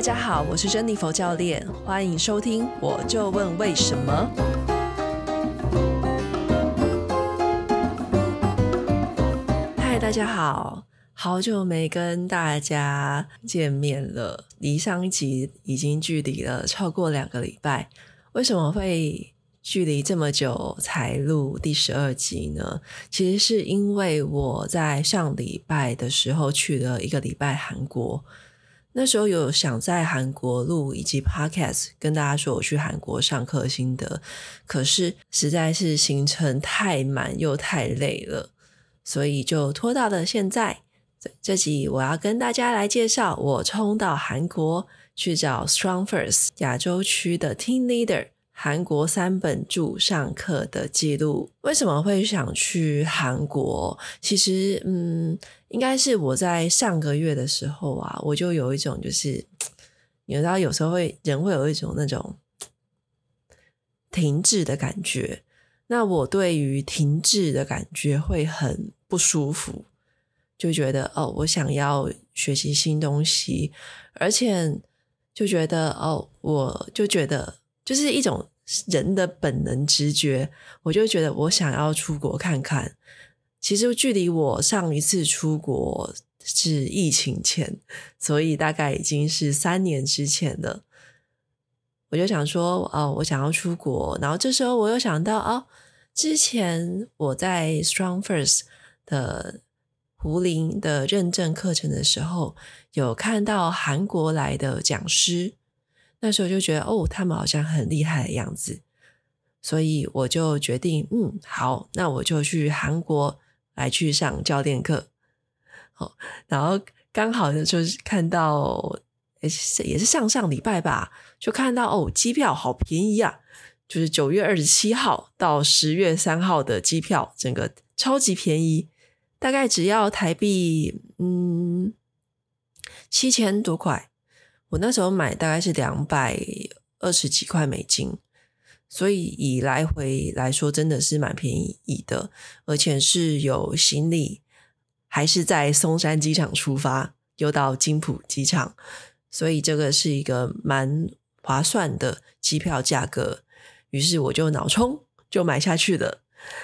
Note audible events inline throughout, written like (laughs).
大家好，我是珍妮佛教練，歡迎收聽。我就問為什麼？嗨，大家好，好久沒跟大家見面了，離上一集已經距離了超過兩個禮拜。為什麼會距離這麼久才錄第十二集呢？其實是因為我在上禮拜的時候去了一個禮拜韓國。那時候有想在韓國錄以及 podcast，跟大家說我去韓國上課心得，可是實在是行程太滿又太累了，所以就拖到了現在。這這集我要跟大家來介紹我衝到韓國去找 Strong First 亞洲區的 Team Leader，韓國三本柱上課的記錄。為什麼會想去韓國？其實，嗯。應該是我在上個月的時候啊，我就有一種就是你知道，有時候會人會有一種那種停滯的感覺。那我對於停滯的感覺會很不舒服，就覺得哦，我想要學習新東西，而且就覺得哦，我就覺得就是一種人的本能直覺，我就覺得我想要出國看看。其實距離我上一次出國是疫情前，所以大概已經是三年之前了。我就想說，哦，我想要出國，然後這時候我又想到，哦，之前我在 StrongFirst 的壺鈴的認證課程的時候，有看到韓國來的講師，那時候就覺得，哦，他們好像很厲害的樣子，所以我就決定，嗯，好，那我就去韓國。來去上教練課，然後剛好呢，就是看到也是也是上上禮拜吧，就看到哦，機票好便宜啊，就是九月二十七號到十月三號的機票，整個超級便宜，大概只要台幣嗯七千多塊，我那時候買大概是兩百二十幾塊美金。所以以來回來說，真的是蠻便宜的，而且是有行李，還是在松山機場出發，又到金浦機場，所以這個是一個蠻划算的機票價格。於是我就腦衝就買下去了。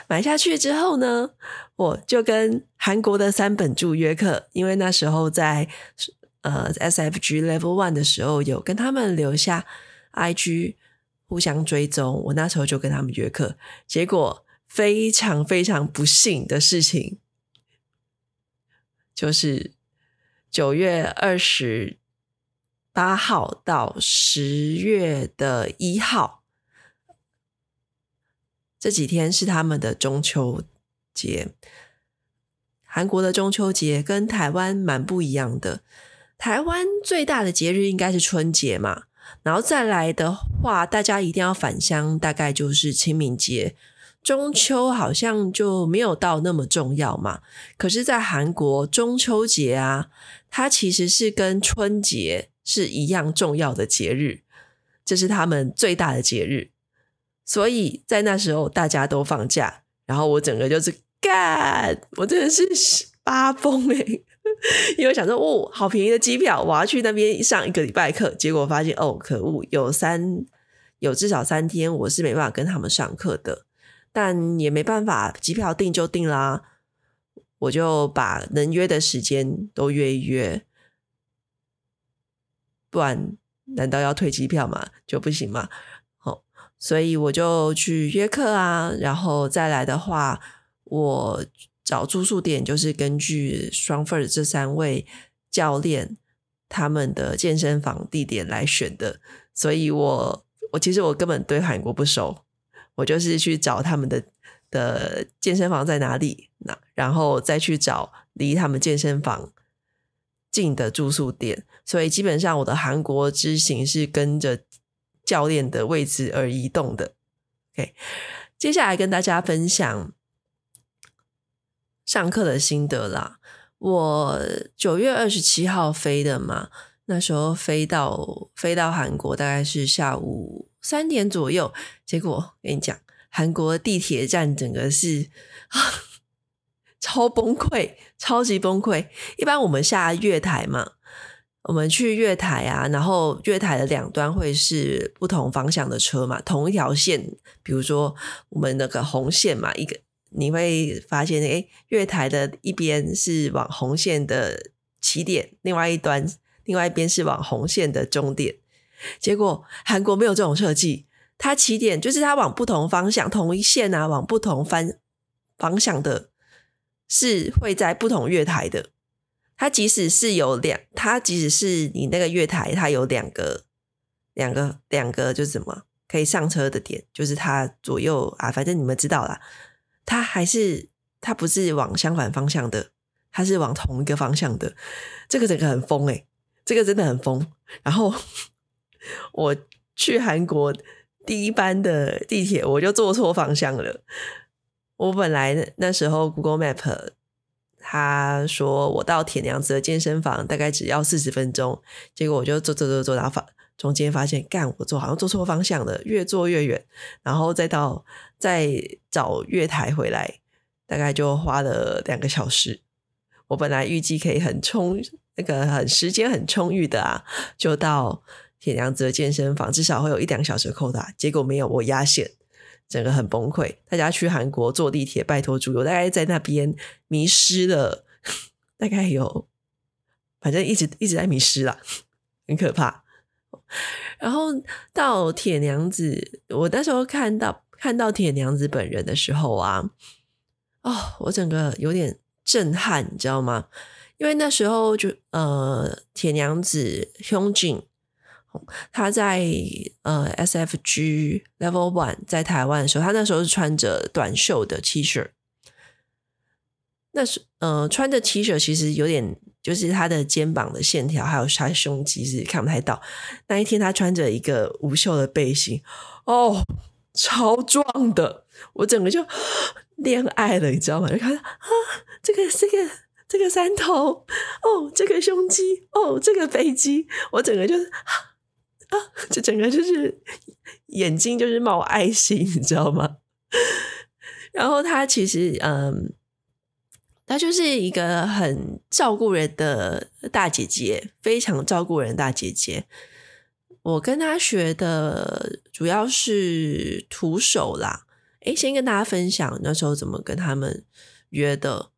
買下去之後呢，我就跟韓國的三本柱約課，因為那時候在呃 S F G Level One 的時候，有跟他們留下 I G。互相追蹤，我那時候就跟他們約課，結果非常非常不幸的事情，就是九月二十八號到十月的一號，這幾天是他們的中秋節。韓國的中秋節跟台灣蠻不一樣的，台灣最大的節日應該是春節嘛。然後再來的話，大家一定要返鄉，大概就是清明節、中秋，好像就沒有到那麼重要嘛。可是，在韓國，中秋節啊，它其實是跟春節是一樣重要的節日，這是他們最大的節日。所以在那時候，大家都放假，然後我整個就是幹，我真的是發瘋哎。 (laughs) 因為想說，哦，好便宜的機票，我要去那邊上一個禮拜課。結果發現，哦，可惡，有三，有至少三天我是沒辦法跟他們上課的，但也沒辦法，機票訂就訂啦。我就把能約的時間都約一約，不然難道要退機票嘛，就不行嘛？哦，所以我就去約課啊，然後再來的話，我。找住宿點就是根據 StrongFirst 這三位教練他們的健身房地點來選的，所以我我其實我根本對韓國不熟，我就是去找他們的的健身房在哪裡，那然後再去找離他們健身房近的住宿點，所以基本上我的韓國之行是跟着教練的位置而移動的。OK，接下來跟大家分享。上課的心得啦，我九月二十七號飛的嘛，那時候飛到飛到韓國大概是下午三點左右，結果我跟你講，韓國地鐵站整個是超崩潰，超級崩潰。一般我們下月台嘛，我們去月台啊，然後月台的兩端會是不同方向的車嘛，同一條線，比如說我們那個紅線嘛，一個。你會發現，誒，月台的一邊是往紅線的起點，另外一端，另外一邊是往紅線的終點。結果韓國沒有這種設計，它,起點就是它往不同方向同一線啊，往不同方方向的，是會在不同月台的。它即使是有兩，它即使是你那個月台，它有兩個、兩個、兩個，就是什麼可以上車的點，就是它左右啊，反正你們知道啦。他還是他不是往相反方向的，他是往同一個方向的。這個整個很瘋誒、欸，這個真的很瘋。然後我去韓國第一班的地鐵，我就坐錯方向了。我本來那時候 Google Map 他說我到鐵娘子的健身房大概只要四十分鐘，結果我就坐坐坐坐到中間發現，幹我做好像做錯方向了，越做越遠，然後再到再找月台回來，大概就花了兩個小時。我本來預計可以很充，那個很時間很充裕的啊，就到鐵娘子的健身房至少會有一兩個小時扣打，結果沒有，我壓線，整個很崩潰。大家去韓國坐地鐵，拜托主游，我大概在那邊迷失了，大概有，反正一直一直在迷失啦，很可怕。然後到鐵娘子，我那時候看到看到鐵娘子本人的時候啊，哦，我整個有點震撼，你知道嗎？因為那時候就呃，鐵娘子 Woochae，他在呃 SFG Level One 在台灣的時候，他那時候是穿着短袖的 T 恤，那是呃穿着 T 恤其實有點。就是他的肩膀的線條，還有他胸肌是看不太到。那一天他穿着一個無袖的背心，哦，超壯的！我整個就戀愛了，你知道嗎？就看到啊，這個這個、這個、這個山頭，哦，這個胸肌，哦，這個背肌，我整個就是啊，這、啊、整個就是眼睛就是冒愛心，你知道嗎？然後他其實嗯。她就是一個很照顧人的大姐姐，非常照顧人大姐姐。我跟她學的主要是徒手啦。誒，先跟大家分享，那時候怎麼跟他們約的。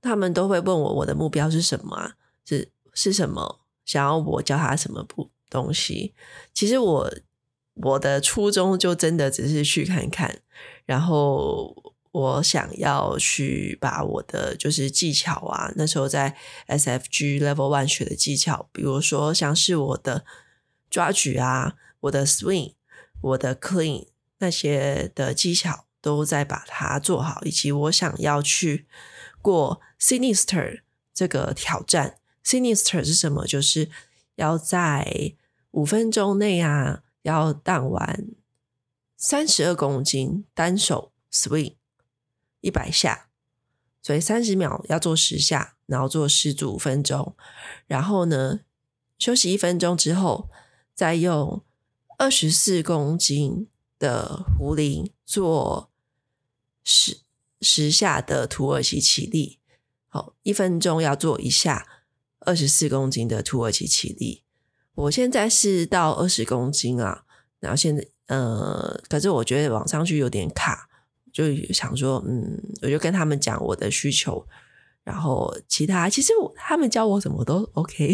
他們都會問我，我的目標是什麼啊，是是什麼，想要我教他什麼東西。其實我我的初衷就真的只是去看看，然後。我想要去把我的就是技巧啊，那時候在 SFG Level One 學的技巧，比如說像是我的抓舉啊、我的 swing、我的 clean 那些的技巧，都在把它做好。以及我想要去過 Sinister 這個挑戰，Sinister 是什麼？就是要在五分鐘內啊，要蕩完三十二公斤單手 swing。一百下，所以三十秒要做十下，然後做十五分鐘，然後呢，休息一分鐘之後，再用二十四公斤的壺鈴做十十下的土耳其起立。好，一分鐘要做一下二十四公斤的土耳其起立。我現在是到二十公斤啊，然後現在呃，可是我覺得往上去有點卡。就想說，嗯，我就跟他們講我的需求，然後其他，其實他們教我什麼都 OK，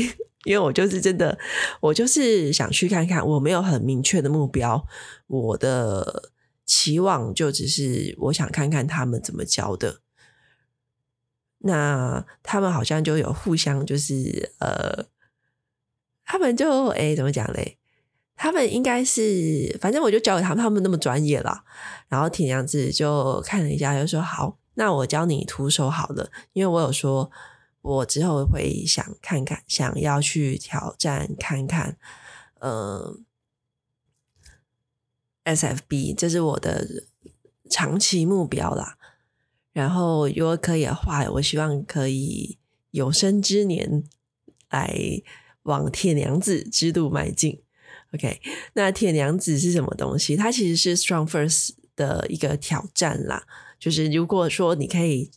因為我就是真的，我就是想去看看，我沒有很明確的目標，我的期望就只是我想看看他們怎麼教的。那他們好像就有互相，就是，呃，他們就，誒，怎麼講嘞？他們應該是，反正我就交給他們，他們那麼專業啦，然後鐵娘子就看了一下，就說：“好，那我教你徒手好了。”因為我有說，我之後會想看看，想要去挑戰看看。嗯、呃，SFB 這是我的長期目標啦。然後如果可以的話，我希望可以有生之年來往鐵娘子之路邁進。OK，那鐵娘子是什麼東西？它其實是 StrongFirst 的一個挑戰啦。就是如果說你可以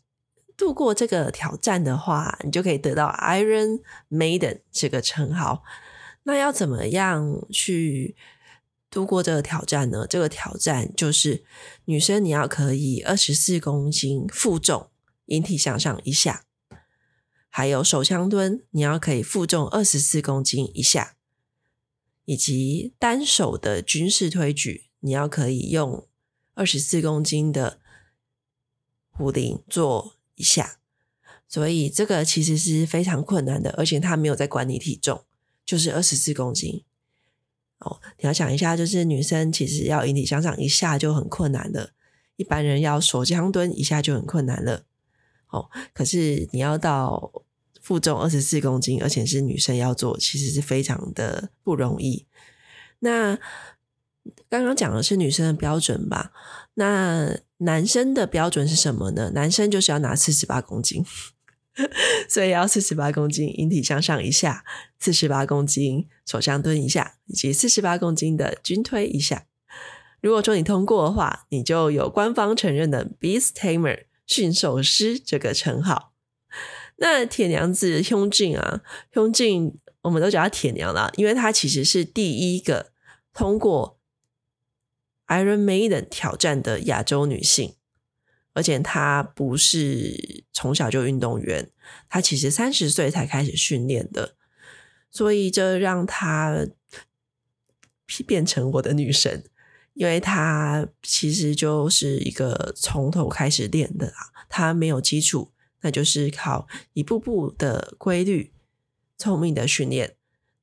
度過這個挑戰的話，你就可以得到 Iron Maiden 這個稱號。那要怎麼樣去度過這個挑戰呢？這個挑戰就是女生你要可以二十四公斤負重引體向上一下，還有手槍蹲，你要可以負重二十四公斤一下。以及單手的軍事推舉，你要可以用二十四公斤的壺鈴做一下，所以這個其實是非常困難的，而且他沒有在管理體重，就是二十四公斤。哦，你要想一下，就是女生其實要引體向上一下就很困難了，一般人要手槍蹲一下就很困難了。哦，可是你要到，負重二十四公斤，而且是女生要做，其實是非常的不容易。那剛剛講的是女生的標準吧？那男生的標準是什麼呢？男生就是要拿四十八公斤， (laughs) 所以要四十八公斤引體向上一下，四十八公斤手槍蹲一下，以及四十八公斤的軍推一下。如果說你通過的話，你就有官方承認的 Beast Tamer 馴獸師這個稱號。那鐵娘子 Woochae 啊，Woochae，我們都叫她鐵娘了，因為她其實是第一個通過 Iron Maiden 挑戰的亞洲女性，而且她不是從小就運動員，她其實三十歲才開始訓練的，所以這讓她變成我的女神，因為她其實就是一個從頭開始練的啊，她沒有基礎。那就是靠一步步的規律、聰明的訓練，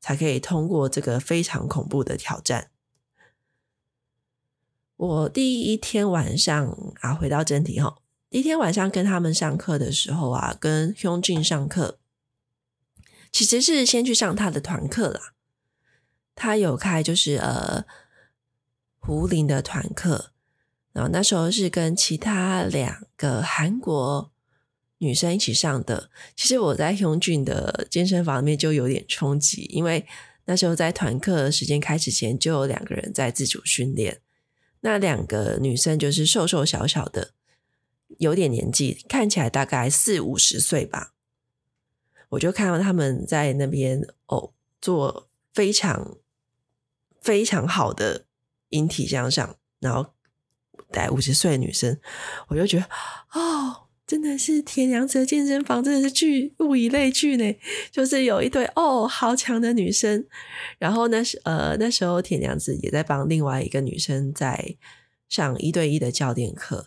才可以通過這個非常恐怖的挑戰。我第一天晚上啊，回到正題哈，第一天晚上跟他們上課的時候啊，跟雄俊上課，其實是先去上他的團課啦。他有開就是呃壺鈴的團課，然後那時候是跟其他兩個韓國女生一起上的，其實我在雄俊的健身房裡面就有點衝擊，因為那時候在團課時間開始前就有兩個人在自主訓練，那兩個女生就是瘦瘦小小的，有點年紀，看起來大概四五十歲吧。我就看到他們在那邊哦，做非常非常好的引體向上，然後大概五十歲的女生，我就覺得啊。哦真的是鐵娘子的健身房，真的是巨，物以類聚呢。就是有一對哦，好強的女生，然後那是呃，那時候鐵娘子也在幫另外一個女生在上一對一的教練課。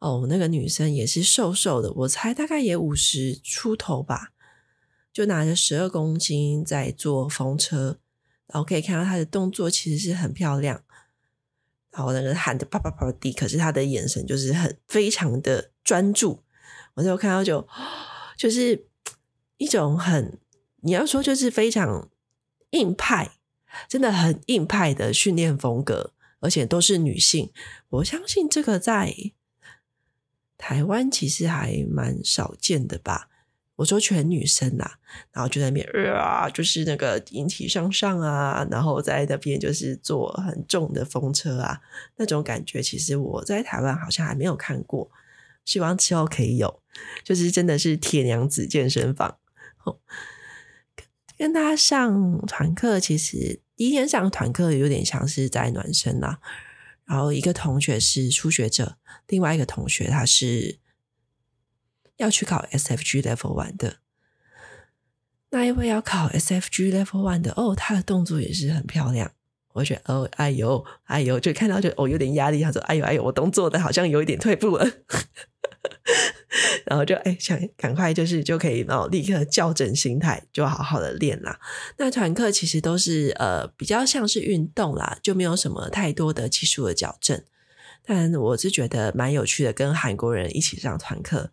哦，那個女生也是瘦瘦的，我猜大概也五十出頭吧，就拿着十二公斤在做風車，然後可以看到她的動作其實是很漂亮，然後那個喊着啪啪啪的，可是她的眼神就是很非常的。專注，我就看到就就是一種很你要說就是非常硬派，真的很硬派的訓練風格，而且都是女性。我相信這個在台灣其實還蠻少見的吧。我說全女生啊，然後就在那邊、呃、啊，就是那個引體向上，上啊，然後在那邊就是做很重的風車啊，那種感覺，其實我在台灣好像還沒有看過。希望之後可以有，就是真的是鐵娘子健身房。哦，跟跟他上團課，其實第一天上團課有點像是在暖身啦，啊。然後一個同學是初學者，另外一個同學他是要去考 SFG Level One 的。那一位要考 SFG Level One 的，哦，他的動作也是很漂亮。我覺得哦，哎呦，哎呦，就看到就哦，有點壓力。他說：“哎呦，哎呦，我動作的好像有一點退步了。 (laughs) ”然後就哎，想趕快就是就可以然後、哦、立刻校正心態，就好好的練啦。那團課其實都是呃比較像是運動啦，就沒有什麼太多的技術的矯正。但我是覺得蠻有趣的，跟韓國人一起上團課。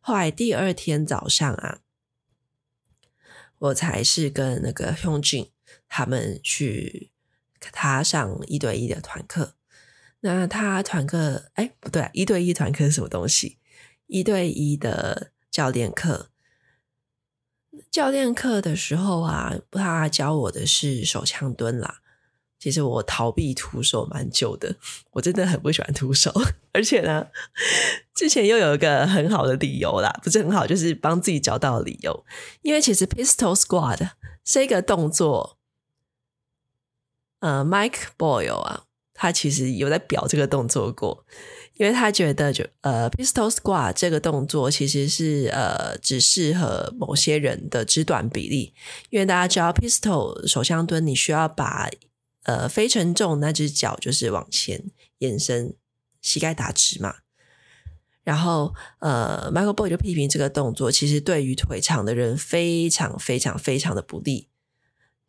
後來第二天早上啊，我才是跟那個雄俊他們去。他上一對一的團課，那他團課哎，不對啊，一對一團課是什麼東西？一對一的教練課。教練課的時候啊，他教我的是手槍蹲啦。其實我逃避徒手蠻久的，我真的很不喜歡徒手，而且呢，之前又有一個很好的理由啦，不是很好，就是幫自己找到理由，因為其實 pistol squat 是一個動作。呃，Mike Boyle 啊，他其實有在表這個動作過，因為他覺得就呃，Pistol Squat 這個動作其實是呃，只適合某些人的肢短比例，因為大家知道 Pistol 手槍蹲，你需要把呃非承重那只腳就是往前延伸，膝蓋打直嘛，然後呃，Mike Boyle 就批評這個動作其實對於腿長的人非常非常非常的不利。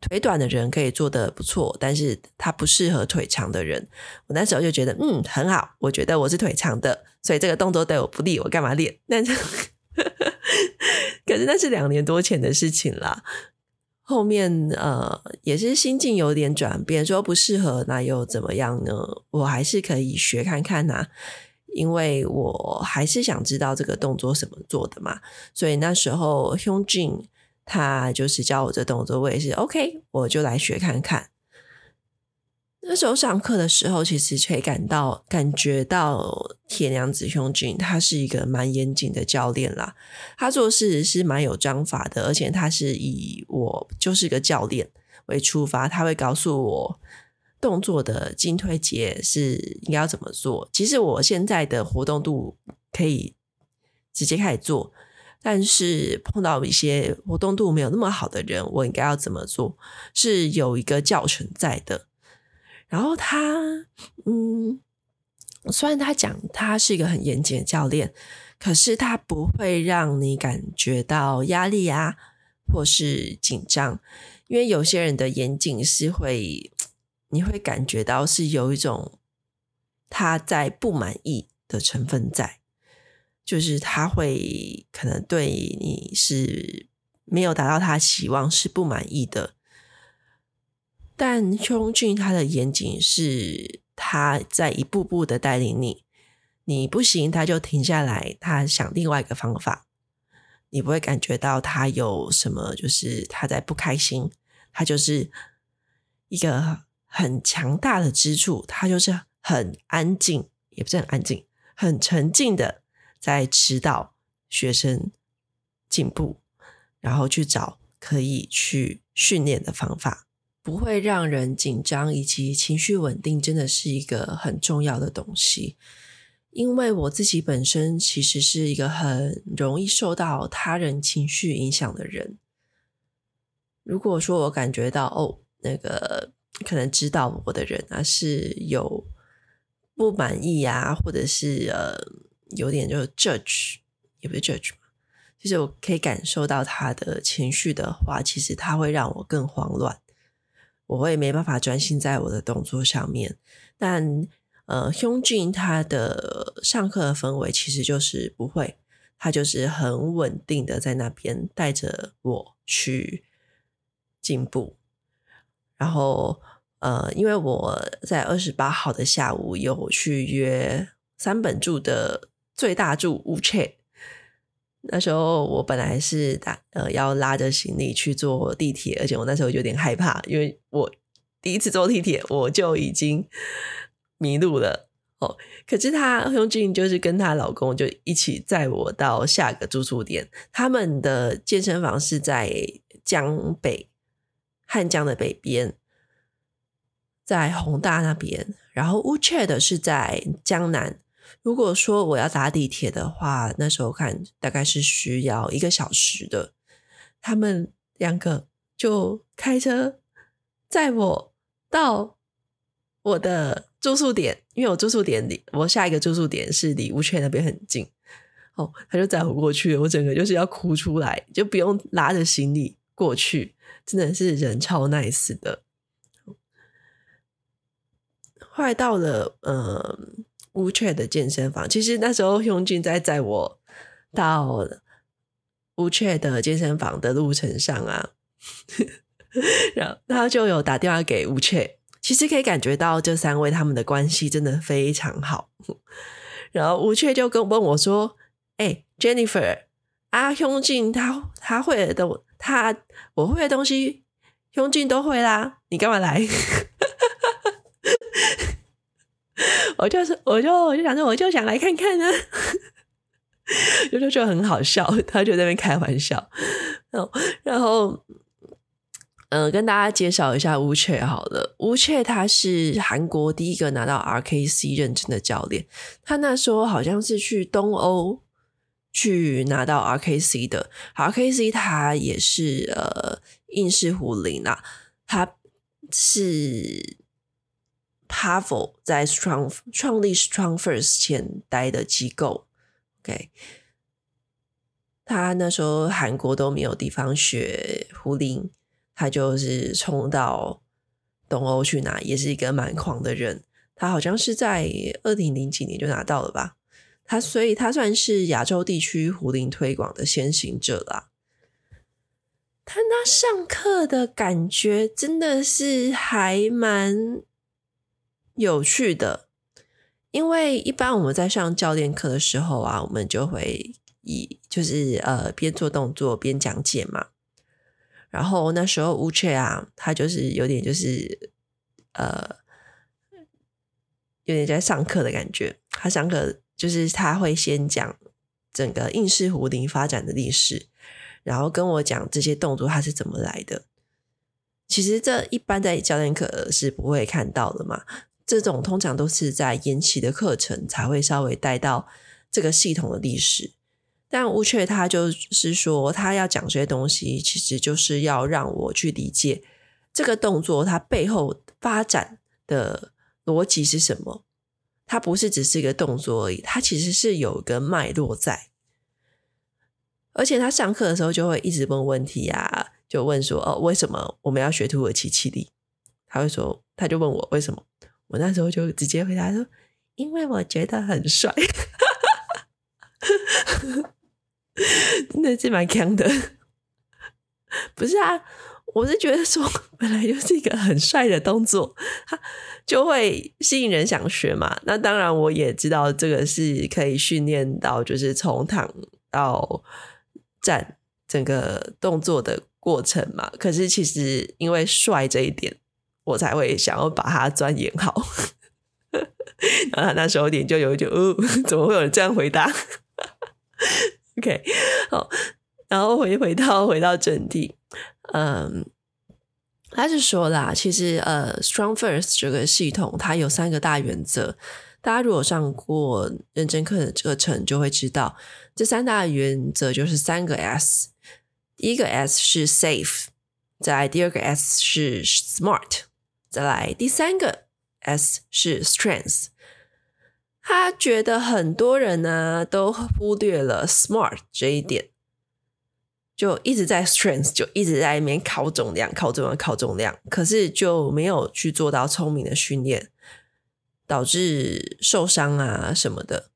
腿短的人可以做得不錯，但是他不適合腿長的人。我那時候就覺得，嗯，很好，我覺得我是腿長的，所以這個動作對我不利，我幹嘛練？但是，呵呵，可是那是兩年多前的事情了。後面呃，也是心境有點轉變，說不適合那又怎麼樣呢？我還是可以學看看吶、啊，因為我還是想知道這個動作什麼做的嘛。所以那時候胸襟。他就是教我這動作位置，我也是 OK，我就來學看看。那時候上課的時候，其實可以感到感覺到鐵娘子 Woochae，他是一個蠻嚴謹的教練啦。他做事是蠻有章法的，而且他是以我就是個教練為出發，他會告訴我動作的進退階是應該要怎麼做。其實我現在的活動度可以直接開始做。但是碰到一些活動度沒有那麼好的人，我應該要怎麼做？是有一個教程在的。然後他，嗯，雖然他講他是一個很嚴謹的教練，可是他不會讓你感覺到壓力啊，或是緊張。因為有些人的嚴謹是會，你會感覺到是有一種他在不滿意的成分在。就是他會可能對你是沒有達到他希望是不滿意的，但邱俊他的嚴謹是他在一步步的帶領你，你不行他就停下來，他想另外一個方法，你不會感覺到他有什麼，就是他在不開心，他就是一個很強大的支柱，他就是很安靜，也不是很安靜，很沉靜的，在指導學生進步，然後去找可以去訓練的方法，不會讓人緊張以及情緒穩定，真的是一個很重要的東西。因為我自己本身其實是一個很容易受到他人情緒影響的人。如果說我感覺到哦，那個可能指導我的人啊是有不滿意啊，或者是呃。有點就是 judge，也不是 judge，其實我可以感受到他的情緒的話，其實他會讓我更慌亂，我會沒辦法專心在我的動作上面。但呃 Hyungjin 他的上課氛圍其實就是不會，他就是很穩定的在那邊帶着我去進步。然後呃，因為我在二十八號的下午有去約三本柱的。最大住烏鵲，那時候我本來是打呃要拉着行李去坐地鐵，而且我那時候有點害怕，因為我第一次坐地鐵我就已經迷路了哦。可是她 h y 就是跟她老公就一起載我到下個住宿點，他們的健身房是在江北漢江的北邊，在宏大那邊，然後烏鵲的是在江南。如果說我要搭地鐵的話，那時候看大概是需要一個小時的。他們兩個就開車，載我到我的住宿點，因為我住宿點裡，我下一個住宿點是離 Woochae 那邊很近哦，他就載我過去了，我整個就是要哭出來，就不用拉着行李過去，真的是人超 nice 的，好，快到了，嗯、呃。吳雀的健身房，其實那時候雄俊在載我到吳雀的健身房的路程上啊，然後他就有打電話給吳雀，其實可以感覺到這三位他們的關係真的非常好。然後吳雀就跟問我說：“哎、欸，Jennifer，啊，雄俊他他會的，他我會的東西，雄俊都會啦，你幹嘛來？”我就是，我就我就想着，我就想來看看呢、啊， (laughs) 就就就很好笑，他就在那邊開玩笑， (laughs) 然後，呃，跟大家介紹一下 Woochae 好了。Woochae 他是韓國第一個拿到 RKC 認證的教練，他那時候好像是去東歐去拿到 RKC 的，RKC 他也是呃，硬式壺鈴啊，他是。Pavel 在 Strong, Strong 創立 Strong First 前待的機構，OK，他那時候韓國都沒有地方學壺鈴，他就是衝到東歐去拿，也是一個蠻狂的人。他好像是在二零零幾年就拿到了吧，他所以他算是亞洲地區壺鈴推廣的先行者啦。他那上課的感覺，真的是還蠻。有趣的，因為一般我們在上教練課的時候啊，我們就會以就是呃邊做動作邊講解嘛。然後那時候吳雀啊，他就是有點就是呃有點在上課的感覺。他上課就是他會先講整個硬式壺鈴發展的歷史，然後跟我講這些動作他是怎麼來的。其實這一般在教練課是不會看到的嘛。這種通常都是在延期的課程才會稍微帶到這個系統的歷史，但 Woochae 他就是說，他要講這些東西，其實就是要讓我去理解這個動作它背後發展的邏輯是什麼。它不是只是一個動作而已，它其實是有一個脈絡在。而且他上課的時候就會一直問問題呀、啊，就問說：“哦，為什麼我們要學土耳其起立？”他會說，他就問我為什麼。我那時候就直接回答說：“因為我覺得很帥，哈哈哈，那是蠻強的。”不是啊，我是覺得說本來就是一個很帥的動作，他就會吸引人想學嘛。那當然，我也知道這個是可以訓練到，就是從躺到站整個動作的過程嘛。可是，其實因為帥這一點。我才會想要把它鑽研好。 (laughs) 然後他那時候臉就有一句，哦，怎麼會有人這樣回答 (laughs) ？OK，好，然後回回到回到正題，嗯，他是說啦，其實呃，Strong First 這個系統它有三個大原則，大家如果上過認真課的課程，就會知道這三大原則就是三個 S。第一個 S 是 Safe，在第二個 S 是 Smart。再來第三個，S 是 strength。他覺得很多人呢都忽略了 smart 這一點，就一直在 strength，就一直在裡面考總量、考總量、考總量，可是就沒有去做到聰明的訓練，導致受傷啊什麼的。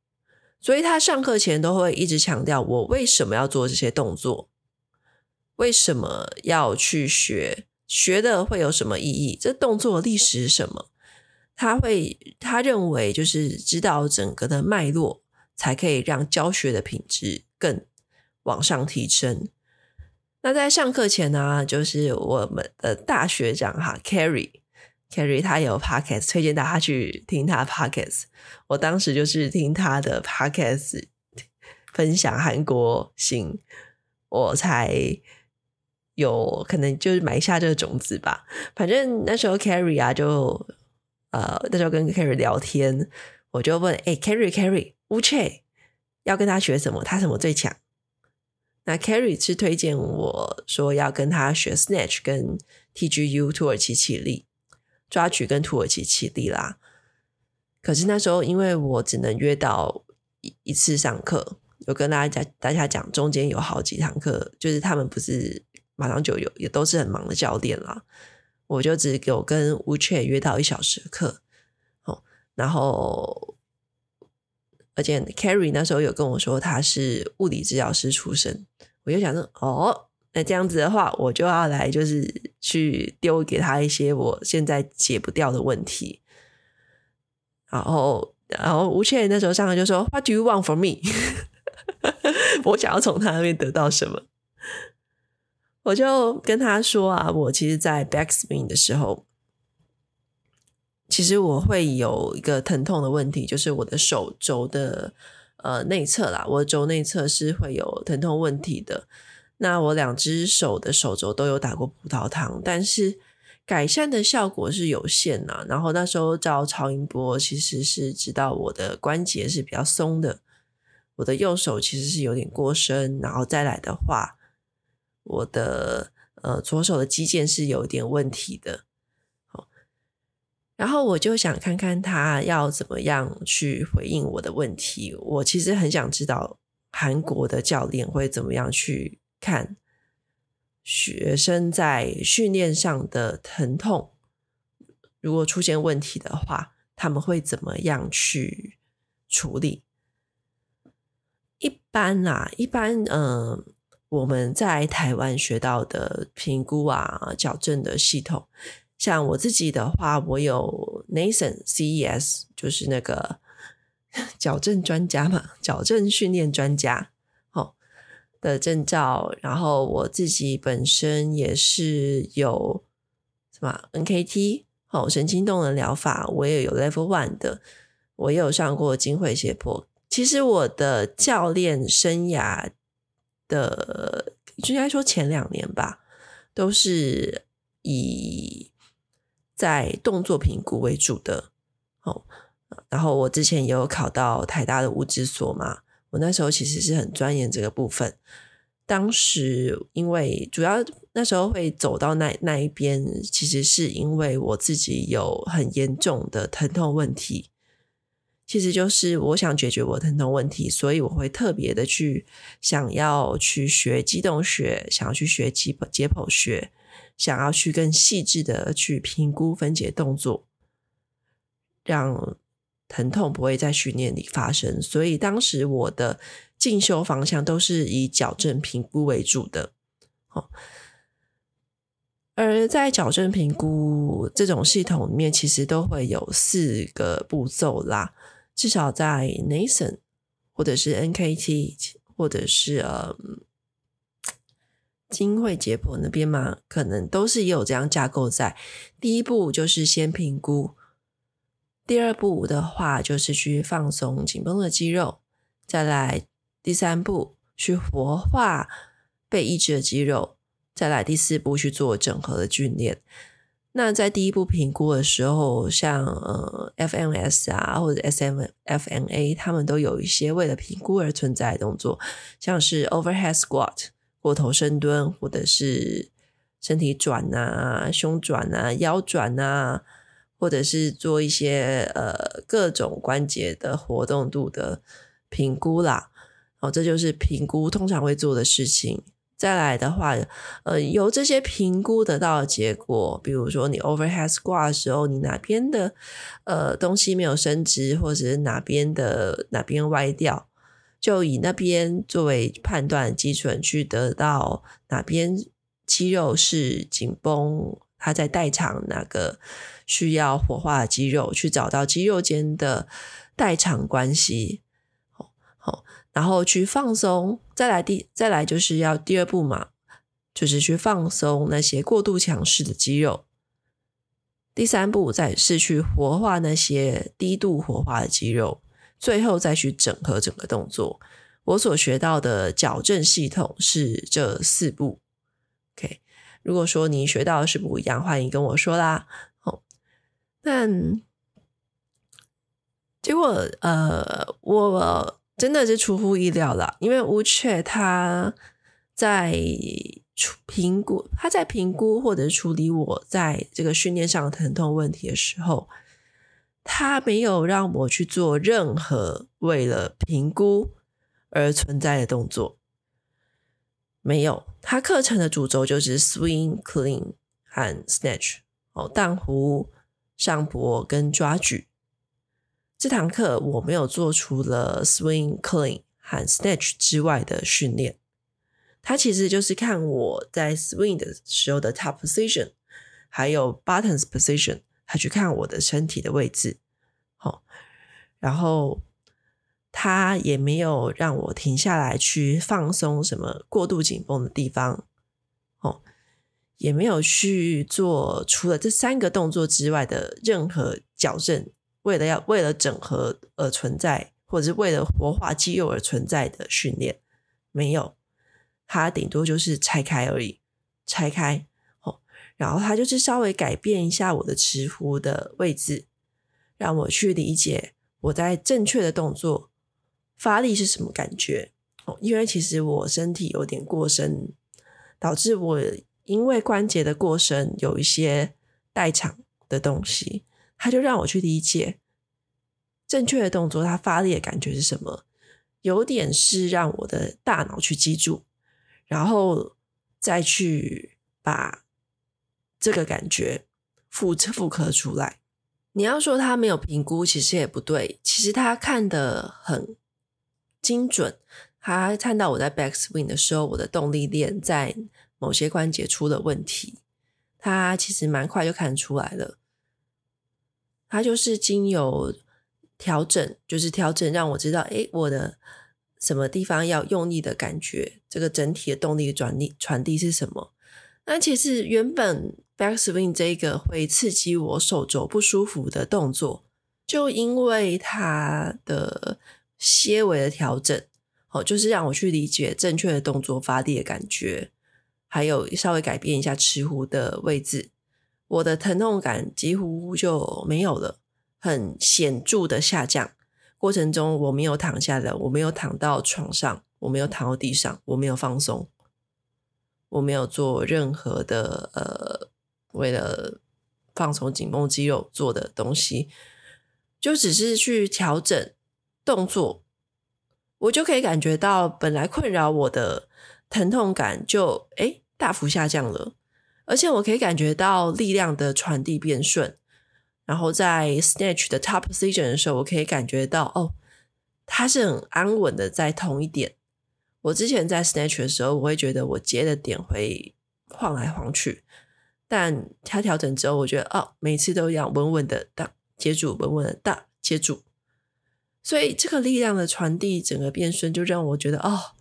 所以他上課前都會一直強調：我為什麼要做這些動作？為什麼要去學？學的會有什麼意義？這動作歷史是什麼？他會他認為就是知道整個的脈絡，才可以讓教學的品質更往上提升。那在上課前呢，就是我們的大學長哈，Carrie，Carrie 他有 podcast，推薦大家去聽他 podcast。我當時就是聽他的 podcast，分享韓國行，我才。有可能就是埋下這個種子吧。反正那時候 Carry 啊就，就呃那時候跟 Carry 聊天，我就問：哎、欸、Carry、Carry Woochae，要跟他學什麼？他什麼最強？那 Carry 是推薦我說要跟他學 Snatch 跟 TGU 土耳其起立抓舉跟土耳其起立啦。可是那時候因為我只能約到一一次上課，我跟大家大家講，中間有好幾堂課，就是他們不是。馬上就有，也都是很忙的教練啦。我就只有跟 Woochae 約到一小時的課，哦，然後而且 Carrie 那時候有跟我說他是物理治療師出身，我就想說，哦，那這樣子的話，我就要來就是去丟給他一些我現在解不掉的問題。然後，然後 Woochae 那時候上來就說：“What do you want for me？” (laughs) 我想要從他那邊得到什麼？我就跟他說啊，我其實，在 backswing 的時候，其實我會有一個疼痛的問題，就是我的手肘的呃內側啦，我肘內側是會有疼痛問題的。那我兩隻手的手肘都有打過葡萄糖，但是改善的效果是有限啦，然後那時候招超音波，其實是知道我的關節是比較鬆的，我的右手其實是有點過深，然後再來的話。我的呃左手的肌腱是有點問題的，好，然後我就想看看他要怎麼樣去回應我的問題。我其實很想知道韓國的教練會怎麼樣去看學生在訓練上的疼痛，如果出現問題的話，他們會怎麼樣去處理？一般啊，一般嗯。呃我們在台灣學到的評估啊、矯正的系統，像我自己的話，我有 NASM CES，就是那個矯正專家嘛，矯正訓練專家哦的證照。然後我自己本身也是有什麼 NKT 哦，神經動能療法，我也有 Level One 的，我也有上過金會斜坡。其實我的教練生涯。的就應該說前兩年吧，都是以在動作評估為主的。哦，然後我之前也有考到台大的物治所嘛，我那時候其實是很鑽研這個部分。當時因為主要那時候會走到那那一邊，其實是因為我自己有很嚴重的疼痛問題。其實就是我想解決我疼痛問題，所以我會特別的去想要去學肌動學，想要去學解解剖學，想要去更細緻的去評估分解動作，讓疼痛不會在訓練裡發生。所以當時我的進修方向都是以矯正評估為主的。哦。而在矯正評估這種系統裡面，其實都會有四個步驟啦。至少在 Nason 或者是 NKT 或者是呃金匯捷婆那邊嘛，可能都是也有這樣架構在。第一步就是先評估，第二步的話就是去放鬆緊繃、繃的肌肉，再來第三步去活化被抑制的肌肉，再來第四步去做整合的訓練。那在第一步評估的時候，像呃 FMS 啊、或者 SFMA，他們都有一些為了評估而存在的動作，像是 overhead squat 過頭深蹲，或者是身體轉吶、啊、胸轉吶、啊、腰轉吶、啊，或者是做一些呃各種關節的活動度的評估啦。哦，這就是評估通常會做的事情。再來的話，呃，由這些評估得到的結果，比如說你 overhead squat 的時候，你哪邊的呃東西沒有升值，或者是哪邊的哪邊歪掉，就以那邊作為判斷基準，去得到哪邊肌肉是緊繃，它在代償那個需要活化的肌肉，去找到肌肉間的代償關係，好、哦。哦然後去放鬆，再來第，再來就是要第二步嘛，就是去放鬆那些過度強勢的肌肉。第三步，再是去活化那些低度活化的肌肉，最後再去整合整個動作。我所學到的矯正系統是這四步。OK，如果說你學到的是不一樣，歡迎跟我說啦。哦，那結果呃我。真的是出乎意料了，因為 Woochae 他在評估，他在評估或者處理我在這個訓練上的疼痛問題的時候，他沒有讓我去做任何為了評估而存在的動作，沒有。他課程的主軸就是 swing、clean 和 snatch 哦，盪壺、上膊跟抓舉。這堂課我沒有做除了 swing clean 和 snatch 之外的訓練，他其實就是看我在 swing 的時候的 top position，還有 buttons position，他去看我的身體的位置，好，然後他也沒有讓我停下來去放鬆什麼過度緊繃的地方，哦，也沒有去做除了這三個動作之外的任何矯正。為了要為了整合而存在，或者是為了活化肌肉而存在的訓練，沒有，它頂多就是拆開而已，拆開，哦，然後它就是稍微改變一下我的持壺的位置，讓我去理解我在正確的動作發力是什麼感覺，哦，因為其實我身體有點過伸，導致我因為關節的過伸有一些代償的東西。他就讓我去理解正確的動作，他發力的感覺是什麼？有點是讓我的大腦去記住，然後再去把這個感覺復復刻出來。你要說他沒有評估，其實也不對。其實他看的很精準，他看到我在 back swing 的時候，我的動力鏈在某些關節出了問題，他其實蠻快就看得出來了。它就是經由調整，就是調整讓我知道，誒，我的什麼地方要用力的感覺，這個整體的動力轉力傳遞是什麼？那其實原本 backswing 這個會刺激我手肘不舒服的動作，就因為它的些微的調整，哦，就是讓我去理解正確的動作發力的感覺，還有稍微改變一下持壺的位置。我的疼痛感幾乎就沒有了，很顯著的下降。過程中我沒有躺下來，我沒有躺到床上，我沒有躺到地上，我沒有放鬆，我沒有做任何的呃為了放鬆緊繃肌肉做的東西，就只是去調整動作，我就可以感覺到本來困擾我的疼痛感就誒、欸、大幅下降了。而且我可以感覺到力量的傳遞變順，然後在 snatch 的 top position 的時候，我可以感覺到哦，它是很安穩的在同一點。我之前在 snatch 的時候，我會覺得我接的點會晃來晃去，但它調整之後，我覺得哦，每次都要穩穩的大接住，穩穩的大接住。所以這個力量的傳遞整個變順，就讓我覺得哦。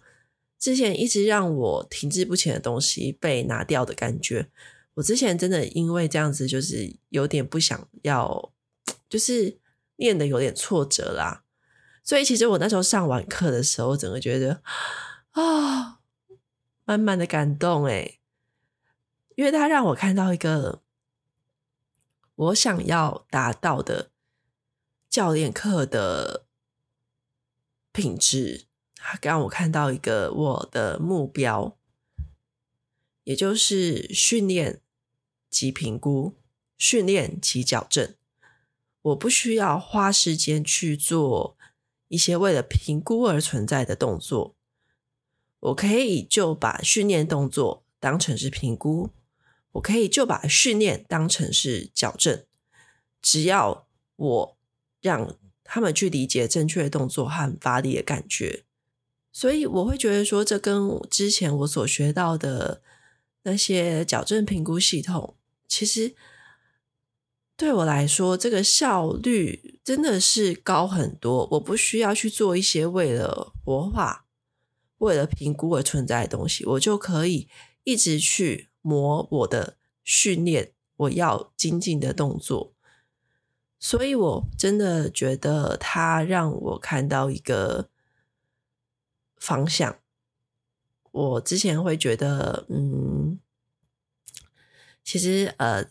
之前一直讓我停滯不前的東西被拿掉的感覺，我之前真的因為這樣子就是有點不想要，就是念得有點挫折啦。所以其實我那時候上完課的時候，我整個覺得啊、哦，滿滿的感動誒，因為他讓我看到一個我想要達到的教練課的品質。剛剛我看到一個我的目標，也就是訓練即評估，訓練即矯正。我不需要花時間去做一些為了評估而存在的動作。我可以就把訓練動作當成是評估，我可以就把訓練當成是矯正。只要我讓他們去理解正確的動作和發力的感覺。所以我會覺得說，這跟之前我所學到的那些矯正評估系統，其實對我來說，這個效率真的是高很多。我不需要去做一些為了活化、為了評估而存在的東西，我就可以一直去磨我的訓練，我要精進的動作。所以我真的覺得，它讓我看到一個方向，我之前會覺得，嗯，其實呃，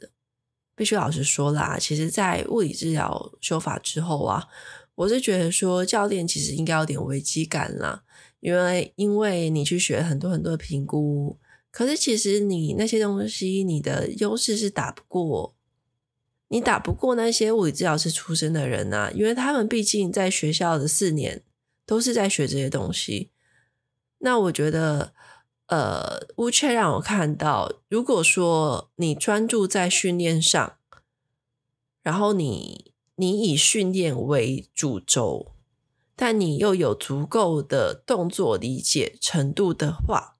必須老實說啦，其實，在物理治療修法之後啊，我是覺得說，教練其實應該有點危機感啦，因為因為你去學很多很多的評估，可是其實你那些東西，你的優勢是打不過，你打不過那些物理治療師出身的人啊，因為他們畢竟在學校的四年都是在學這些東西。那我覺得，呃，Woochae 讓我看到，如果說你專注在訓練上，然後你你以訓練為主軸，但你又有足夠的動作理解程度的話，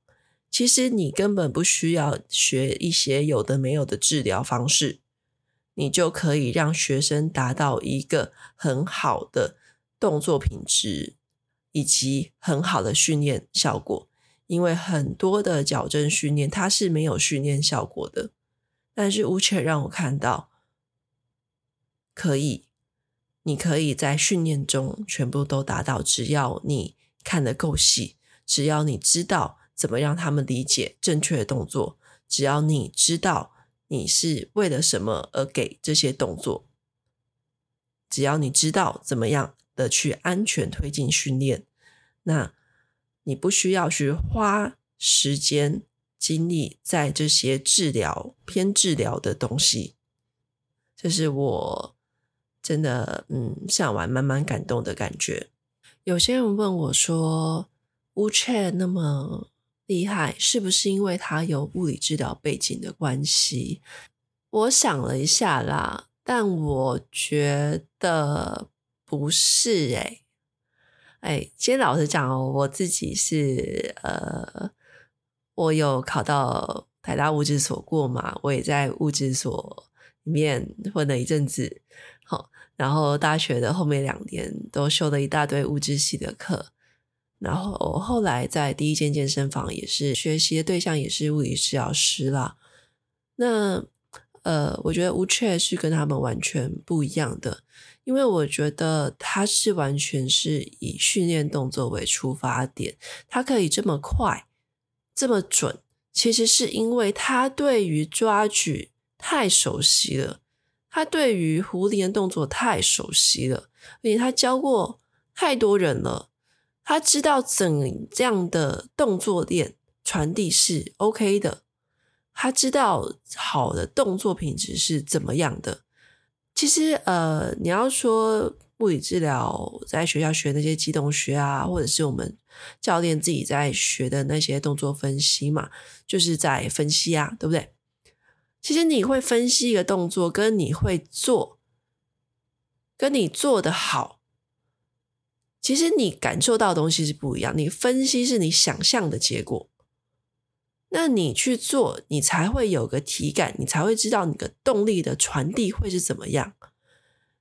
其實你根本不需要學一些有的沒有的治療方式，你就可以讓學生達到一個很好的動作品質。以及很好的訓練效果，因為很多的矯正訓練它是沒有訓練效果的，但是 Woochae 讓我看到，可以，你可以在訓練中全部都達到，只要你看得夠細，只要你知道怎麼讓他們理解正確的動作，只要你知道你是為了什麼而給這些動作，只要你知道怎麼樣。去安全推進訓練，那你不需要去花時間精力在這些治療偏治療的東西，這是我真的嗯上完慢慢感動的感覺。有些人問我說，Woochae 那麼厲害，是不是因為他有物理治療背景的關係？我想了一下啦，但我覺得。不是誒，誒，今天老實講哦，我自己是呃，我有考到台大物治所過嘛，我也在物治所裡面混了一陣子，好，然後大學的後面兩年都修了一大堆物治系的課，然後後來在第一間健身房也是學習的對象也是物理治療師啦，那。呃，我覺得吳 u 是跟他們完全不一樣的，因為我覺得他是完全是以訓練動作為出發點，他可以這麼快、這麼準，其實是因為他對於抓舉太熟悉了，他對於壺鈴動作太熟悉了，而且他教過太多人了，他知道怎樣的動作鏈傳遞是 OK 的。他知道好的動作品質是怎麼樣的。其實，呃，你要說物理治療，在學校學那些機動學啊，或者是我們教練自己在學的那些動作分析嘛，就是在分析啊，對不對？其實你會分析一個動作，跟你會做，跟你做得好，其實你感受到的東西是不一樣，你分析是你想象的結果。那你去做，你才會有個體感，你才會知道你的動力的傳遞會是怎麼樣。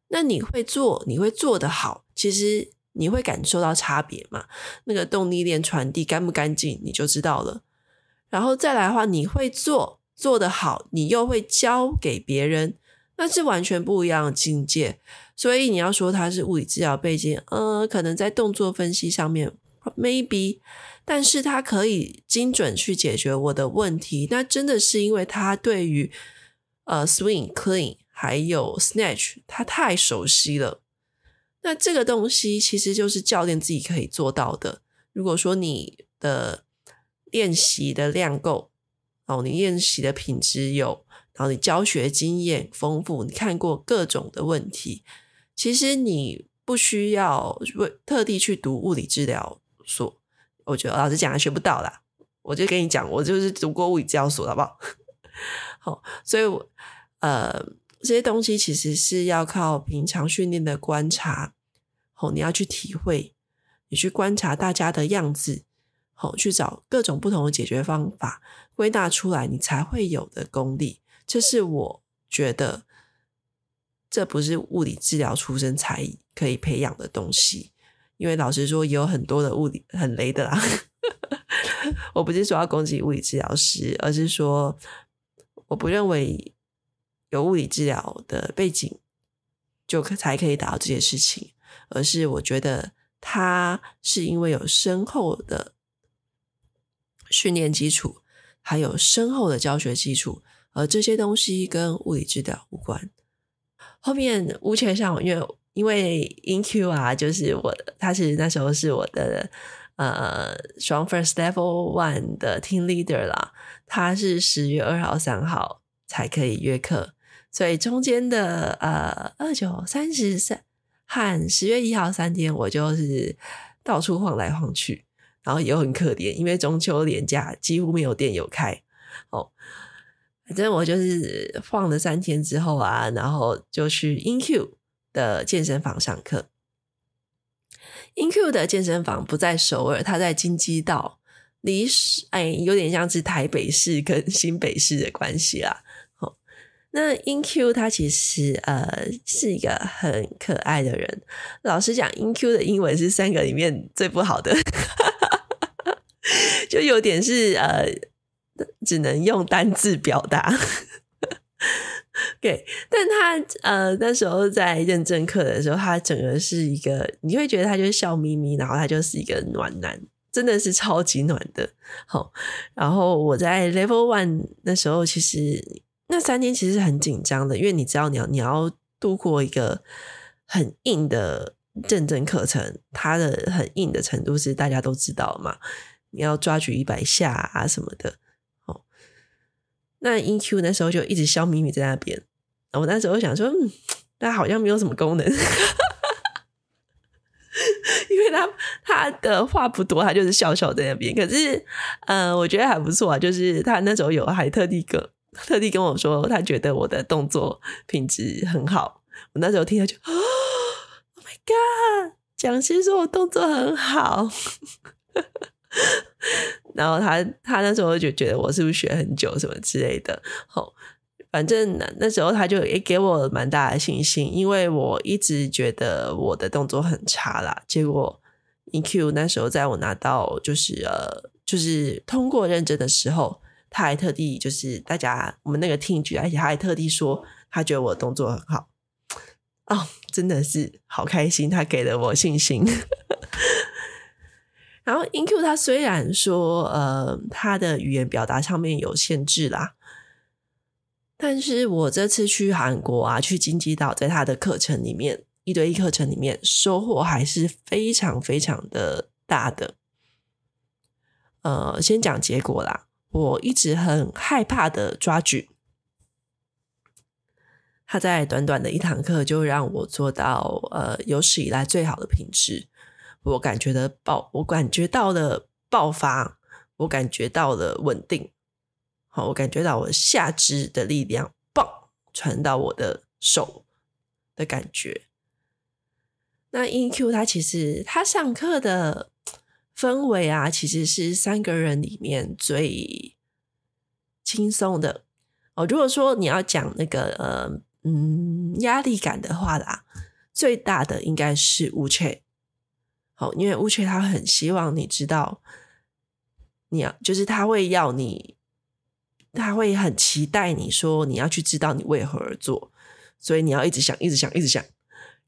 那你會做，你會做得好，其實你會感受到差別嘛。那個動力鏈傳遞乾不乾淨，你就知道了。然後再來的話，你會做，做得好，你又會教給別人，那是完全不一樣的境界。所以你要說它是物理治療背景，呃，可能在動作分析上面，maybe。但是他可以精準去解決我的問題，那真的是因為他對於呃 swing clean 還有 snatch 他太熟悉了。那這個東西其實就是教練自己可以做到的。如果說你的練習的量夠，哦，你練習的品質有，然後你教學經驗豐富，你看過各種的問題，其實你不需要特地去讀物理治療所。我覺得老師講的學不到了，我就跟你講，我就是讀過物理治療所，好不好？ (laughs) 好，所以呃，這些東西其實是要靠平常訓練的觀察，好、哦，你要去體會，你去觀察大家的樣子，好、哦，去找各種不同的解決方法，歸納出來，你才會有的功力。這是我覺得，這不是物理治療出身才可以培養的東西。因為老實說，也有很多的物理很雷的啦。 (laughs) 我不是說要攻擊物理治療師，而是說我不認為有物理治療的背景就可才可以達到這些事情，而是我覺得他是因為有深厚的訓練基礎，還有深厚的教學基礎，而這些東西跟物理治療無關。後面目前上，因為。因為 Inkyoo 啊，就是我的他是那時候是我的呃 StrongFirst level one 的 team leader 啦，他是十月二號、三號才可以約課，所以中間的呃二九、29, 30, 三十三和十月一號三天，我就是到處晃來晃去，然後也很可憐，因為中秋連假幾乎沒有店有開哦。反正我就是晃了三天之後啊，然後就去 Inkyoo。的健身房上課，Inkyoo 的健身房不在首爾，他在京畿道。離，哎有點像是台北市跟新北市的關係啦。Oh, 那 Inkyoo 他其實呃是一個很可愛的人。老實講，Inkyoo 的英文是三個裡面最不好的， (laughs) 就有點是呃只能用單字表達。 (laughs) 對，okay, 但他呃那時候在認證課的時候，他整個是一個，你會覺得他就是笑眯眯，然後他就是一個暖男，真的是超級暖的。好，然後我在 Level One 那時候，其實那三天其實很緊張的，因為你知道你要你要度過一個很硬的認證課程，它的很硬的程度是大家都知道嘛，你要抓舉一百下啊什麼的。那 Inkyoo 那時候就一直笑眯眯在那邊，我那時候想說，嗯，他好像沒有什麼功能。 (laughs) 因為他他的話不多，他就是笑笑在那邊。可是，呃，我覺得還不錯啊，就是他那時候有還特地跟特地跟我說，他覺得我的動作品質很好。我那時候聽他就，哦，Oh my god，講師說我動作很好。 (laughs) 然後他他那時候就覺得我是不是學很久什麼之類的，好、哦，反正那那時候他就也給我蠻大的信心，因為我一直覺得我的動作很差啦。結果 Inkyoo 那時候在我拿到就是呃就是通過認證的時候，他還特地就是大家我們那個聽覺，而且他還特地說他覺得我的動作很好，哦，真的是好開心，他給了我信心。 (laughs) 然後，InQ 他雖然說，呃，他的語言表達上面有限制啦，但是我這次去韓國啊，去金雞島，在他的課程裡面，一對一課程裡面，收穫還是非常非常的大的。呃，先講結果啦，我一直很害怕的抓舉，他在短短的一堂課就讓我做到呃有史以來最好的品質。我感覺到爆，我感覺到了爆發，我感覺到了穩定。好，我感覺到我下肢的力量，爆傳到我的手的感覺。那 Inkyoo 他其實他上課的氛圍啊，其實是三個人裡面最輕鬆的。哦，如果說你要講那個呃嗯壓力感的話啦，最大的應該是 Woochae。哦，因為烏雀他很希望你知道你，你要就是他會要你，他會很期待你說你要去知道你為何而做，所以你要一直想，一直想，一直想。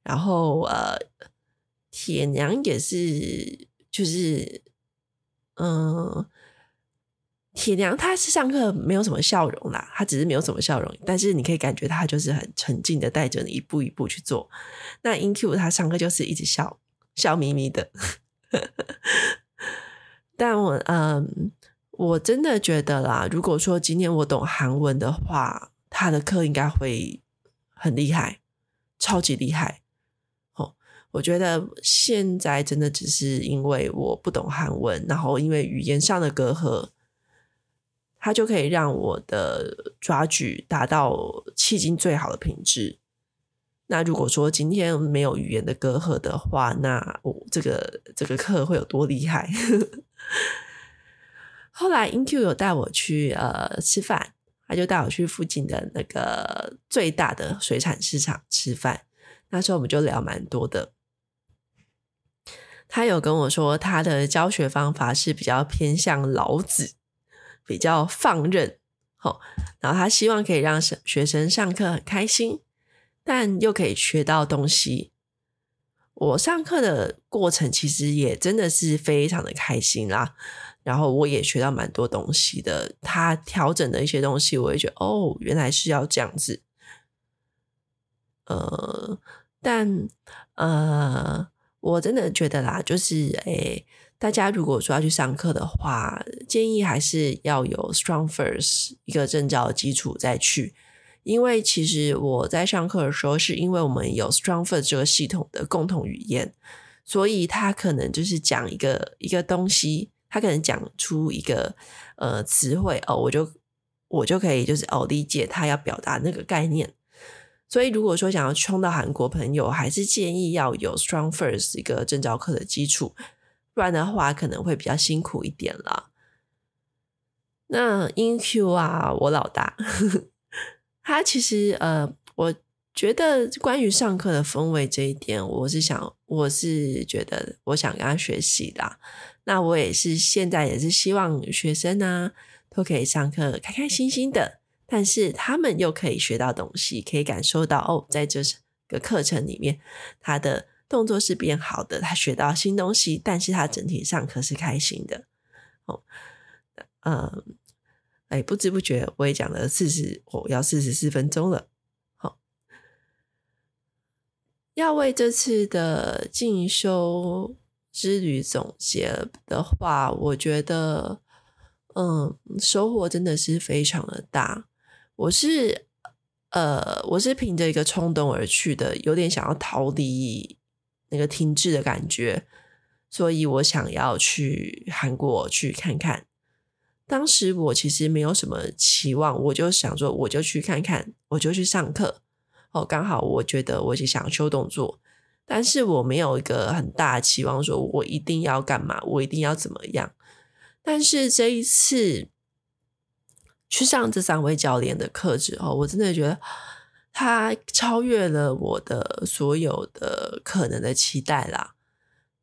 然後呃，鐵娘也是，就是，嗯、呃，鐵娘她是上課沒有什麼笑容啦，她只是沒有什麼笑容，但是你可以感覺她就是很沉靜的帶着你一步一步去做。那 Inkyoo 他上課就是一直笑。笑眯眯的， (laughs) 但我嗯，我真的覺得啦，如果說今天我懂韓文的話，他的課應該會很厲害，超級厲害。哦，我覺得現在真的只是因為我不懂韓文，然後因為語言上的隔閡，他就可以讓我的抓舉達到迄今最好的品質。那如果說今天沒有語言的隔閡的話，那我，哦，這個這個課會有多厲害？ (laughs) 後來 Inkyoo 有帶我去呃吃飯，他就帶我去附近的那個最大的水產市場吃飯。那時候我們就聊蠻多的。他有跟我說，他的教學方法是比較偏向老子，比較放任。好，哦，然後他希望可以讓學生上課很開心。但又可以學到東西。我上課的過程其實也真的是非常的開心啦，然後我也學到蠻多東西的。他調整的一些東西，我也覺得哦，原來是要這樣子。呃，但呃，我真的覺得啦，就是誒、欸，大家如果說要去上課的話，建議還是要有 StrongFirst 一個正教基礎再去。因為其實我在上課的時候，是因為我們有 Strong First 這個系統的共同語言，所以他可能就是講一個一個東西，他可能講出一個呃詞彙哦，我就我就可以就是哦理解他要表達那個概念。所以如果說想要衝到韓國朋友，還是建議要有 Strong First 一個證照課的基礎，不然的話可能會比較辛苦一點啦。那 Inkyoo 啊，我老大。呵呵。他其實呃，我覺得關於上課的氛圍這一點，我是想，我是覺得，我想跟他學習的、啊。那我也是現在也是希望學生呢、啊、都可以上課開開心心的，但是他們又可以學到東西，可以感受到哦，在這個課程裡面，他的動作是變好的，他學到新東西，但是他整體上課是開心的。哦，嗯、呃。哎、欸，不知不覺我也講了四十，哦，我要四十四分鐘了。好，要為這次的進修之旅總結的話，我覺得，嗯，收穫真的是非常的大。我是，呃，我是憑着一個衝動而去的，有點想要逃離那個停滯的感覺，所以我想要去韓國去看看。當時我其實沒有什麼期望，我就想說，我就去看看，我就去上課。哦，剛好我覺得我就想修動作，但是我沒有一個很大的期望，說我一定要幹嘛，我一定要怎麼樣。但是這一次去上這三位教練的課之後，我真的覺得他超越了我的所有的可能的期待啦。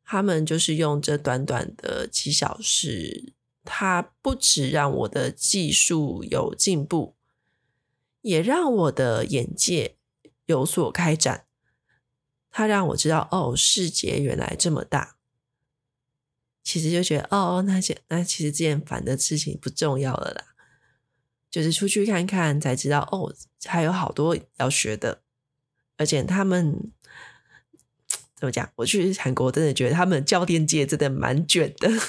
他們就是用這短短的幾小時。它不只讓我的技術有進步，也讓我的眼界有所開展。它讓我知道，哦，世界原來這麼大。其實就覺得，哦，那些那其實這件煩的事情不重要了啦。就是出去看看，才知道，哦，還有好多要學的。而且他們怎麼講？我去韓國，真的覺得他們教練界真的蠻卷的。 (laughs)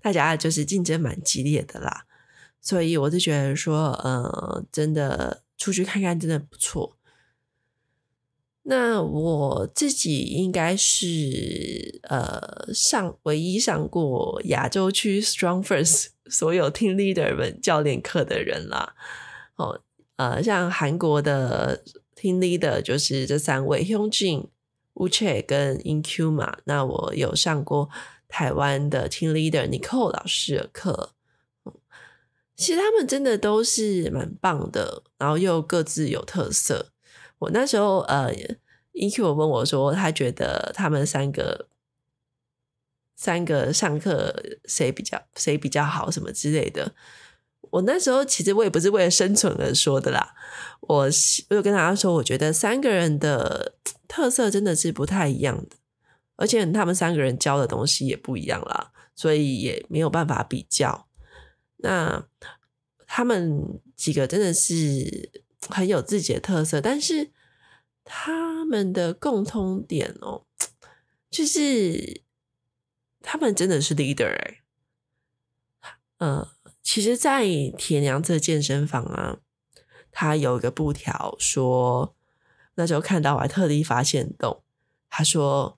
大家就是競爭蠻激烈的啦，所以我就覺得說，呃，真的出去看看真的不錯。那我自己應該是呃上唯一上過亞洲區 Strong First 所有 team leader 們教練課的人啦。哦，呃，像韓國的 team leader 就是這三位 Hongjin、Woochae 跟 Inkyoo 嘛。那我有上過。台灣的 Team Leader Niko 老師的課，嗯，其實他們真的都是蠻棒的，然後又各自有特色。我那時候呃 EQ 問我說，他覺得他們三個三個上課誰比較誰比較好，什麼之類的。我那時候其實我也不是為了生存而說的啦，我我就跟他說，我覺得三個人的特色真的是不太一樣的。而且他們三個人教的東西也不一樣了，所以也沒有辦法比較。那他們幾個真的是很有自己的特色，但是他們的共通點哦，就是他們真的是 leader、欸。呃，其實，在鐵娘子健身房啊，他有一個布條說，那時候看到我還特地發現洞，他說。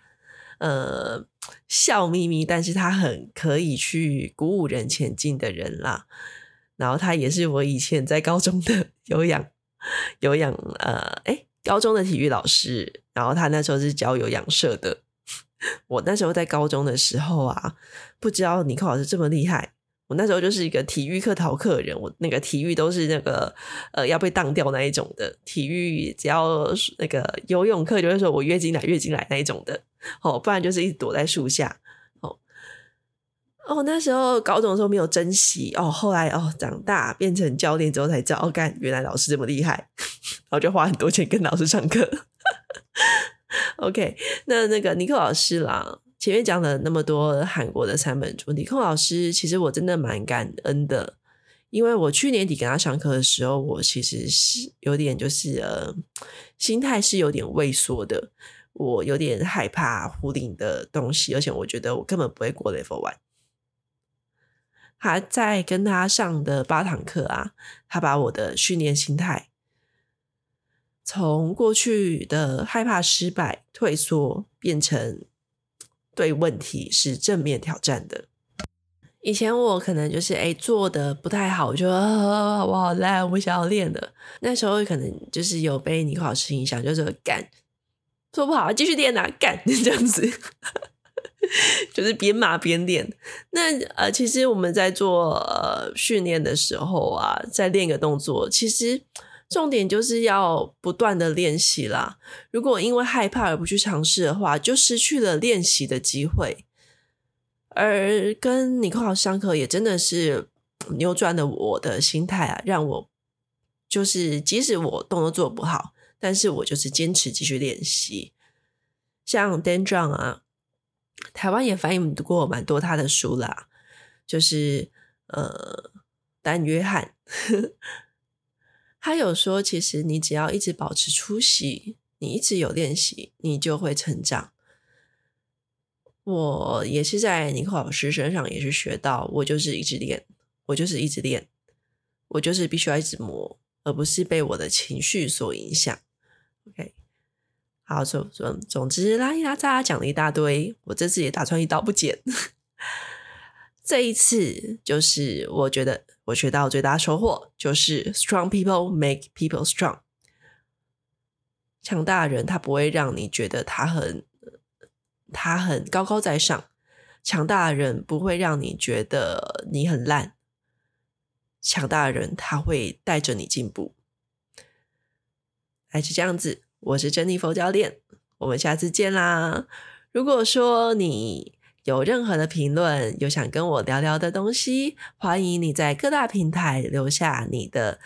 呃，笑眯眯，但是他很可以去鼓舞人前進的人啦。然後他也是我以前在高中的有氧，有氧，呃，哎，高中的體育老師，然後他那時候是教有氧社的。我那時候在高中的時候啊，不知道尼克老師這麼厲害。我那時候就是一個體育課逃課的人，我那個體育都是那個呃要被當掉那一種的體育，只要那個游泳課就會說我月經來月經來那一種的，哦，不然就是一直躲在樹下。哦，哦那時候高中的時候沒有珍惜，哦後來哦長大變成教練之後才知道，哦幹原來老師這麼厲害，然後就花很多錢跟老師上課。 (laughs) OK，那那個尼克老師啦。前面講了那麼多韓國的三本柱，李克老師，其實我真的蠻感恩的，因為我去年底跟他上課的時候，我其實是有點就是呃，心態是有點畏縮的，我有點害怕壺鈴的東西，而且我覺得我根本不會過 level one。他在跟他上的八堂課啊，他把我的訓練心態從過去的害怕失敗、退縮，變成。對問題是正面挑戰的。以前我可能就是哎、欸、做的不太好，我就、啊、好不好練，我不想要練的。那時候可能就是有被你考試影響，就是幹，說不好繼續練吶、啊，幹這樣子， (laughs) 就是邊罵邊練。那呃，其實我們在做、呃、訓練的時候啊，在練一個動作，其實。重點就是要不斷的練習啦。如果因為害怕而不去嘗試的話，就失去了練習的機會。而跟尼克好上課也真的是扭轉了我的心態啊，讓我就是即使我動作做不好，但是我就是堅持繼續練習。像 Dan John 啊，台灣也翻譯過蠻多他的書啦，就是呃，丹約翰。 (laughs) 他有說，其實你只要一直保持出席，你一直有練習，你就會成長。我也是在尼克老師身上也是學到，我就是一直練，我就是一直練，我就是必須要一直磨，而不是被我的情緒所影響。OK，好，總總總之，啦啦啦講了一大堆，我這次也打算一刀不剪。 (laughs) 這一次就是我覺得。我學到最大收穫就是：strong people make people strong。強大的人，他不會讓你覺得他很他很高高在上；強大的人不會讓你覺得你很爛。強大的人，他會帶着你進步。還是這樣子，我是珍妮佛教練，我們下次見啦！如果說你……有任何的評論，有想跟我聊聊的東西，歡迎你在各大平台留下你的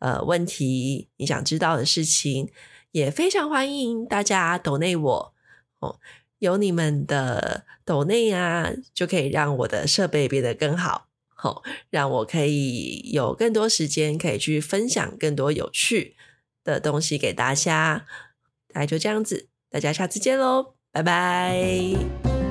呃問題，你想知道的事情，也非常歡迎大家抖內我、哦、有你們的抖內啊，就可以讓我的設備變得更好、哦，讓我可以有更多時間可以去分享更多有趣的東西給大家。大概就這樣子，大家下次見嘍，拜拜。